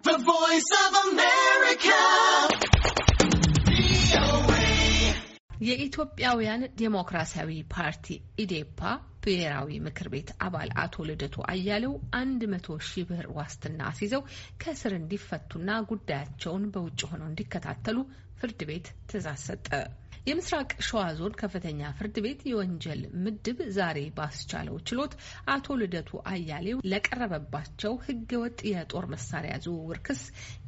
The Voice of America. የኢትዮጵያውያን ዴሞክራሲያዊ ፓርቲ ኢዴፓ ብሔራዊ ምክር ቤት አባል አቶ ልደቱ አያሌው አንድ መቶ ሺህ ብር ዋስትና አስይዘው ከእስር እንዲፈቱና ጉዳያቸውን በውጭ ሆነው እንዲከታተሉ ፍርድ ቤት ትእዛዝ ሰጠ። የምስራቅ ሸዋ ዞን ከፍተኛ ፍርድ ቤት የወንጀል ምድብ ዛሬ ባስቻለው ችሎት አቶ ልደቱ አያሌው ለቀረበባቸው ህገወጥ የጦር መሳሪያ ዝውውር ክስ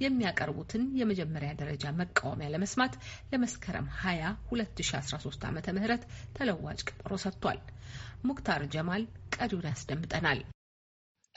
የሚያቀርቡትን የመጀመሪያ ደረጃ መቃወሚያ ለመስማት ለመስከረም 20 2013 ዓ ም ተለዋጭ ቀጠሮ ሰጥቷል። ሙክታር ጀማል ቀሪውን ያስደምጠናል።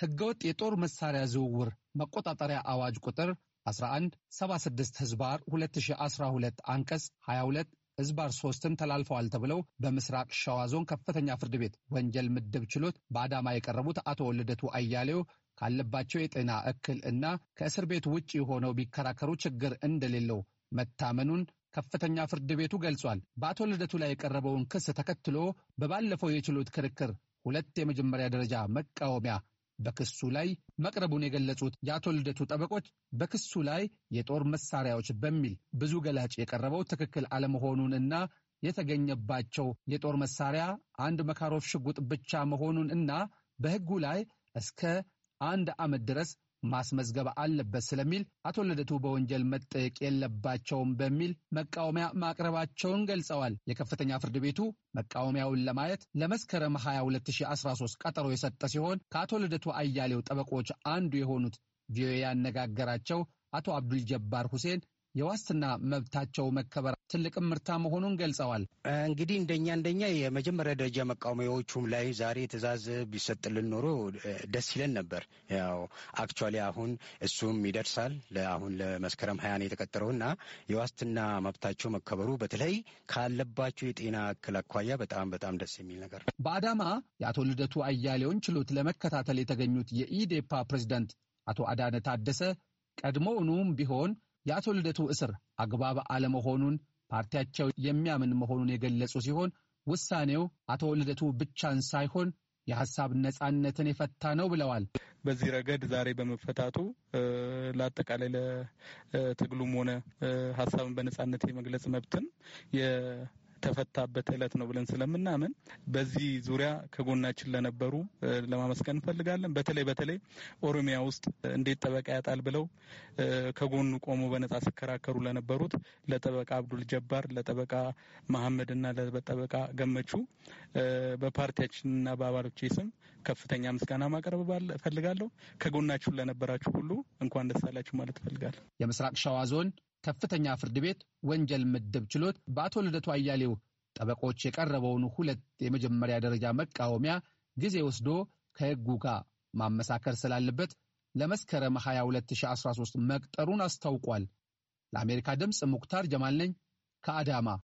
ህገወጥ የጦር መሳሪያ ዝውውር መቆጣጠሪያ አዋጅ ቁጥር 1176 ህዝባር 2012 አንቀጽ 22 እዝባር ሶስትን ተላልፈዋል ተብለው በምስራቅ ሸዋ ዞን ከፍተኛ ፍርድ ቤት ወንጀል ምድብ ችሎት በአዳማ የቀረቡት አቶ ወልደቱ አያሌው ካለባቸው የጤና እክል እና ከእስር ቤት ውጭ ሆነው ቢከራከሩ ችግር እንደሌለው መታመኑን ከፍተኛ ፍርድ ቤቱ ገልጿል። በአቶ ልደቱ ላይ የቀረበውን ክስ ተከትሎ በባለፈው የችሎት ክርክር ሁለት የመጀመሪያ ደረጃ መቃወሚያ በክሱ ላይ መቅረቡን የገለጹት የአቶ ልደቱ ጠበቆች በክሱ ላይ የጦር መሳሪያዎች በሚል ብዙ ገላጭ የቀረበው ትክክል አለመሆኑን እና የተገኘባቸው የጦር መሳሪያ አንድ መካሮፍ ሽጉጥ ብቻ መሆኑን እና በሕጉ ላይ እስከ አንድ ዓመት ድረስ ማስመዝገብ አለበት ስለሚል አቶ ልደቱ በወንጀል መጠየቅ የለባቸውም በሚል መቃወሚያ ማቅረባቸውን ገልጸዋል። የከፍተኛ ፍርድ ቤቱ መቃወሚያውን ለማየት ለመስከረም 22013 ቀጠሮ የሰጠ ሲሆን ከአቶ ልደቱ አያሌው ጠበቆች አንዱ የሆኑት ቪኦኤ ያነጋገራቸው አቶ አብዱል ጀባር ሁሴን የዋስትና መብታቸው መከበር ትልቅ ምርታ መሆኑን ገልጸዋል። እንግዲህ እንደኛ እንደኛ የመጀመሪያ ደረጃ መቃወሚያዎቹም ላይ ዛሬ ትዕዛዝ ቢሰጥልን ኖሮ ደስ ይለን ነበር። ያው አክቹዋሊ አሁን እሱም ይደርሳል አሁን ለመስከረም ሀያን የተቀጠረውና የዋስትና መብታቸው መከበሩ በተለይ ካለባቸው የጤና እክል አኳያ በጣም በጣም ደስ የሚል ነገር ነው። በአዳማ የአቶ ልደቱ አያሌውን ችሎት ለመከታተል የተገኙት የኢዴፓ ፕሬዝዳንት አቶ አዳነ ታደሰ ቀድሞውኑም ቢሆን የአቶ ልደቱ እስር አግባብ አለመሆኑን ፓርቲያቸው የሚያምን መሆኑን የገለጹ ሲሆን ውሳኔው አቶ ልደቱ ብቻን ሳይሆን የሀሳብ ነጻነትን የፈታ ነው ብለዋል። በዚህ ረገድ ዛሬ በመፈታቱ ለአጠቃላይ ለትግሉም ሆነ ሀሳብን በነጻነት የመግለጽ መብትን የተፈታበት እለት ነው ብለን ስለምናምን በዚህ ዙሪያ ከጎናችን ለነበሩ ለማመስገን እንፈልጋለን። በተለይ በተለይ ኦሮሚያ ውስጥ እንዴት ጠበቃ ያጣል ብለው ከጎኑ ቆሞ በነጻ ሲከራከሩ ለነበሩት ለጠበቃ አብዱል ጀባር፣ ለጠበቃ መሐመድ እና ለጠበቃ ገመቹ በፓርቲያችንና በአባሎች ስም ከፍተኛ ምስጋና ማቅረብ እፈልጋለሁ። ከጎናችሁን ለነበራችሁ ሁሉ እንኳን ደስ አላችሁ ማለት እፈልጋለሁ። የምስራቅ ሸዋ ዞን ከፍተኛ ፍርድ ቤት ወንጀል ምድብ ችሎት በአቶ ልደቱ አያሌው ጠበቆች የቀረበውን ሁለት የመጀመሪያ ደረጃ መቃወሚያ ጊዜ ወስዶ ከሕጉ ጋር ማመሳከር ስላለበት ለመስከረም 22013 መቅጠሩን አስታውቋል። ለአሜሪካ ድምፅ ሙክታር ጀማል ነኝ ከአዳማ